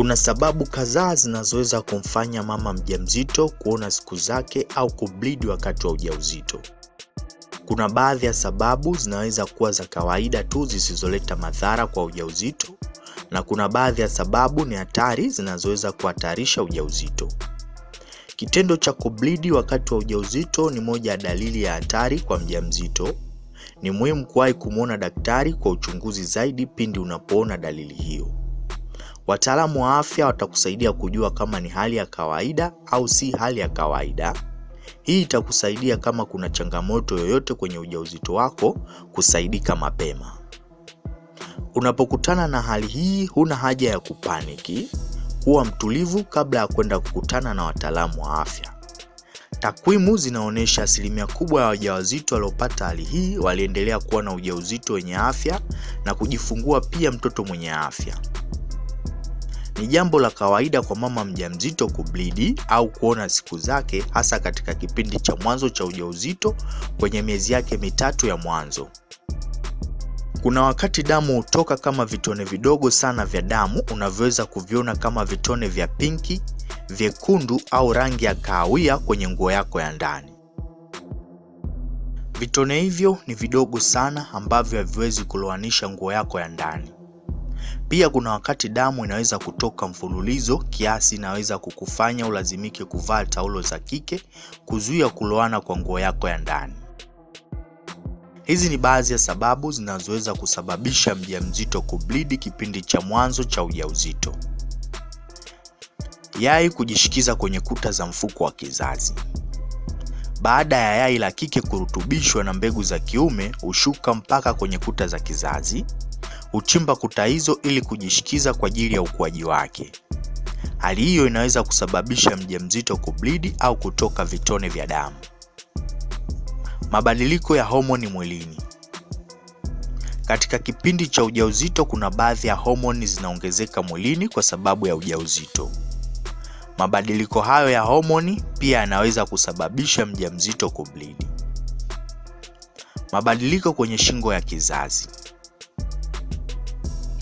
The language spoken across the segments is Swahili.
Kuna sababu kadhaa zinazoweza kumfanya mama mjamzito kuona siku zake au kublidi wakati wa ujauzito. Kuna baadhi ya sababu zinaweza kuwa za kawaida tu zisizoleta madhara kwa ujauzito na kuna baadhi ya sababu ni hatari zinazoweza kuhatarisha ujauzito. Kitendo cha kublidi wakati wa ujauzito ni moja ya dalili ya hatari kwa mjamzito. Ni muhimu kuwahi kumwona daktari kwa uchunguzi zaidi pindi unapoona dalili hiyo. Wataalamu wa afya watakusaidia kujua kama ni hali ya kawaida au si hali ya kawaida. Hii itakusaidia kama kuna changamoto yoyote kwenye ujauzito wako kusaidika mapema. Unapokutana na hali hii, huna haja ya kupaniki. Kuwa mtulivu kabla ya kwenda kukutana na wataalamu wa afya. Takwimu zinaonyesha asilimia kubwa ya wajawazito waliopata hali hii waliendelea kuwa na ujauzito wenye afya na kujifungua pia mtoto mwenye afya. Ni jambo la kawaida kwa mama mjamzito kublidi au kuona siku zake hasa katika kipindi cha mwanzo cha ujauzito kwenye miezi yake mitatu ya mwanzo. Kuna wakati damu hutoka kama vitone vidogo sana vya damu unavyoweza kuviona kama vitone vya pinki, vyekundu au rangi ya kahawia kwenye nguo yako ya ndani. Vitone hivyo ni vidogo sana ambavyo haviwezi kulowanisha nguo yako ya ndani. Pia kuna wakati damu inaweza kutoka mfululizo kiasi inaweza kukufanya ulazimike kuvaa taulo za kike kuzuia kuloana kwa nguo yako ya ndani. Hizi ni baadhi ya sababu zinazoweza kusababisha mjamzito kublidi kipindi cha mwanzo cha ujauzito. Yai kujishikiza kwenye kuta za mfuko wa kizazi. Baada ya yai la kike kurutubishwa na mbegu za kiume hushuka mpaka kwenye kuta za kizazi huchimba kuta hizo ili kujishikiza kwa ajili ya ukuaji wake. Hali hiyo inaweza kusababisha mjamzito kublidi au kutoka vitone vya damu. Mabadiliko ya homoni mwilini. Katika kipindi cha ujauzito kuna baadhi ya homoni zinaongezeka mwilini kwa sababu ya ujauzito. Mabadiliko hayo ya homoni pia yanaweza kusababisha mjamzito kublidi. Mabadiliko kwenye shingo ya kizazi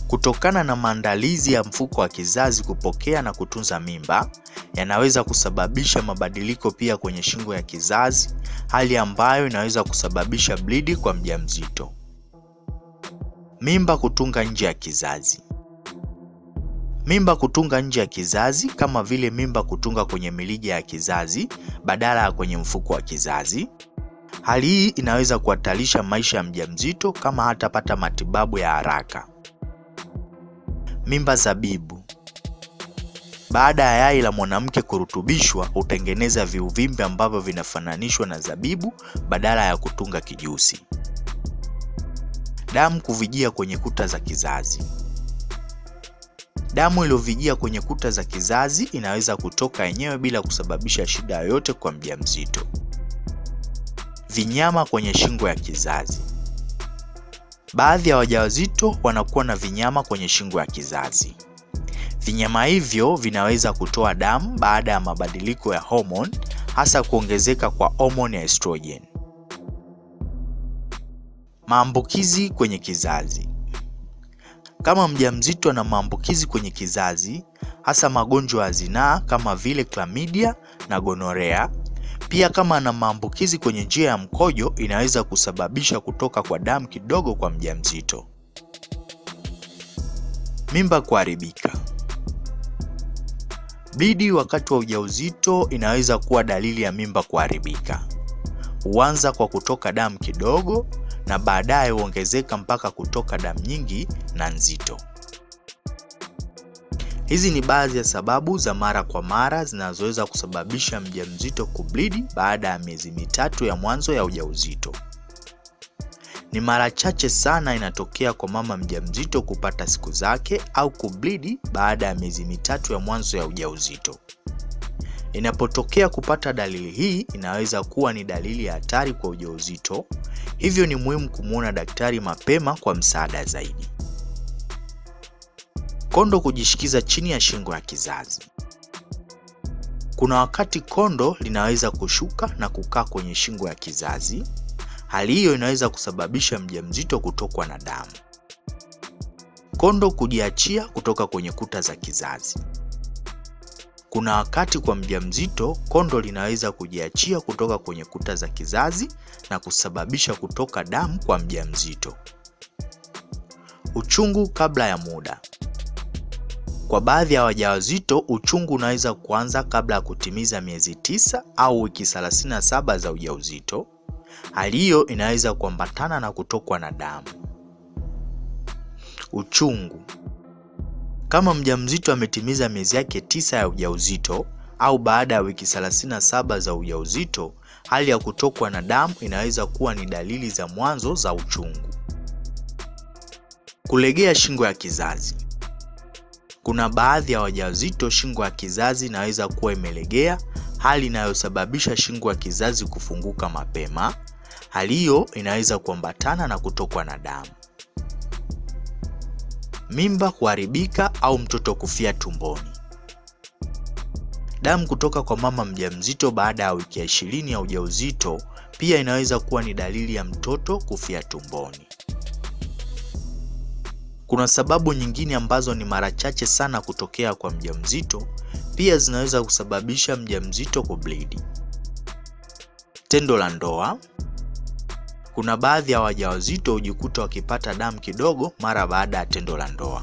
kutokana na maandalizi ya mfuko wa kizazi kupokea na kutunza mimba yanaweza kusababisha mabadiliko pia kwenye shingo ya kizazi, hali ambayo inaweza kusababisha blidi kwa mjamzito. Mimba kutunga nje ya kizazi. Mimba kutunga nje ya kizazi kama vile mimba kutunga kwenye mirija ya kizazi badala ya kwenye mfuko wa kizazi. Hali hii inaweza kuhatarisha maisha ya mjamzito kama hatapata matibabu ya haraka. Mimba zabibu. Baada ya yai la mwanamke kurutubishwa hutengeneza viuvimbe ambavyo vinafananishwa na zabibu badala ya kutunga kijusi. Damu kuvijia kwenye kuta za kizazi. Damu iliyovijia kwenye kuta za kizazi inaweza kutoka yenyewe bila kusababisha shida yoyote kwa mjamzito. Vinyama kwenye shingo ya kizazi. Baadhi ya wajawazito wanakuwa na vinyama kwenye shingo ya kizazi. Vinyama hivyo vinaweza kutoa damu baada ya mabadiliko ya homoni, hasa kuongezeka kwa homoni ya estrogen. Maambukizi kwenye kizazi. Kama mjamzito ana maambukizi kwenye kizazi, hasa magonjwa ya zinaa kama vile klamidia na gonorea, pia kama ana maambukizi kwenye njia ya mkojo inaweza kusababisha kutoka kwa damu kidogo kwa mjamzito. Mimba kuharibika. Bidi wakati wa ujauzito inaweza kuwa dalili ya mimba kuharibika. Huanza kwa kutoka damu kidogo na baadaye huongezeka mpaka kutoka damu nyingi na nzito. Hizi ni baadhi ya sababu za mara kwa mara zinazoweza kusababisha mjamzito kublidi baada ya miezi mitatu ya mwanzo ya ujauzito. Ni mara chache sana inatokea kwa mama mjamzito kupata siku zake au kublidi baada ya miezi mitatu ya mwanzo ya ujauzito. Inapotokea kupata dalili hii inaweza kuwa ni dalili ya hatari kwa ujauzito, hivyo ni muhimu kumwona daktari mapema kwa msaada zaidi kondo kujishikiza chini ya shingo ya kizazi. Kuna wakati kondo linaweza kushuka na kukaa kwenye shingo ya kizazi. Hali hiyo inaweza kusababisha mjamzito kutokwa na damu. Kondo kujiachia kutoka kwenye kuta za kizazi. Kuna wakati kwa mjamzito kondo linaweza kujiachia kutoka kwenye kuta za kizazi na kusababisha kutoka damu kwa mjamzito. Uchungu kabla ya muda. Kwa baadhi ya wajawazito, uchungu unaweza kuanza kabla ya kutimiza miezi tisa au wiki 37 za ujauzito. Hali hiyo inaweza kuambatana na kutokwa na damu. Uchungu kama mjamzito ametimiza miezi yake tisa ya ujauzito au baada ya wiki 37 za ujauzito, hali ya kutokwa na damu inaweza kuwa ni dalili za mwanzo za uchungu. Kulegea shingo ya kizazi kuna baadhi ya wajawazito shingo ya kizazi inaweza kuwa imelegea, hali inayosababisha shingo ya kizazi kufunguka mapema. Hali hiyo inaweza kuambatana na kutokwa na damu. Mimba kuharibika au mtoto kufia tumboni. Damu kutoka kwa mama mjamzito baada ya wiki ya ishirini ya ujauzito pia inaweza kuwa ni dalili ya mtoto kufia tumboni. Kuna sababu nyingine ambazo ni mara chache sana kutokea kwa mjamzito, pia zinaweza kusababisha mjamzito kublidi. Tendo la ndoa. Kuna baadhi ya wajawazito hujikuta wakipata damu kidogo mara baada ya tendo la ndoa.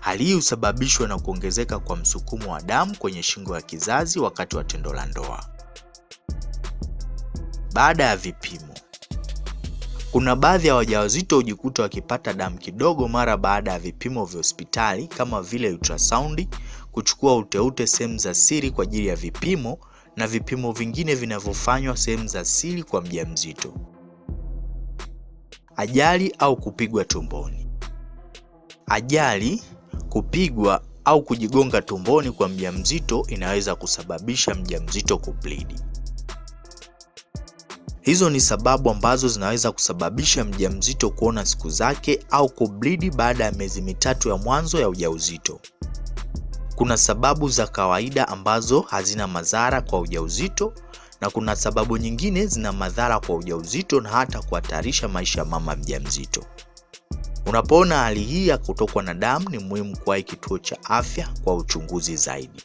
Hali hii husababishwa na kuongezeka kwa msukumo wa damu kwenye shingo ya kizazi wakati wa tendo la ndoa. Baada ya vipimo kuna baadhi ya wajawazito hujikuta wakipata damu kidogo mara baada ya vipimo vya hospitali kama vile ultrasound, kuchukua uteute sehemu za siri kwa ajili ya vipimo na vipimo vingine vinavyofanywa sehemu za siri kwa mjamzito. Ajali au kupigwa tumboni. Ajali, kupigwa au kujigonga tumboni kwa mjamzito inaweza kusababisha mjamzito kuplidi. Hizo ni sababu ambazo zinaweza kusababisha mjamzito kuona siku zake au kublidi baada ya miezi mitatu ya mwanzo ya ujauzito. Kuna sababu za kawaida ambazo hazina madhara kwa ujauzito na kuna sababu nyingine zina madhara kwa ujauzito na hata kuhatarisha maisha ya mama mjamzito. Unapoona hali hii ya kutokwa na damu, ni muhimu kuwahi kituo cha afya kwa uchunguzi zaidi.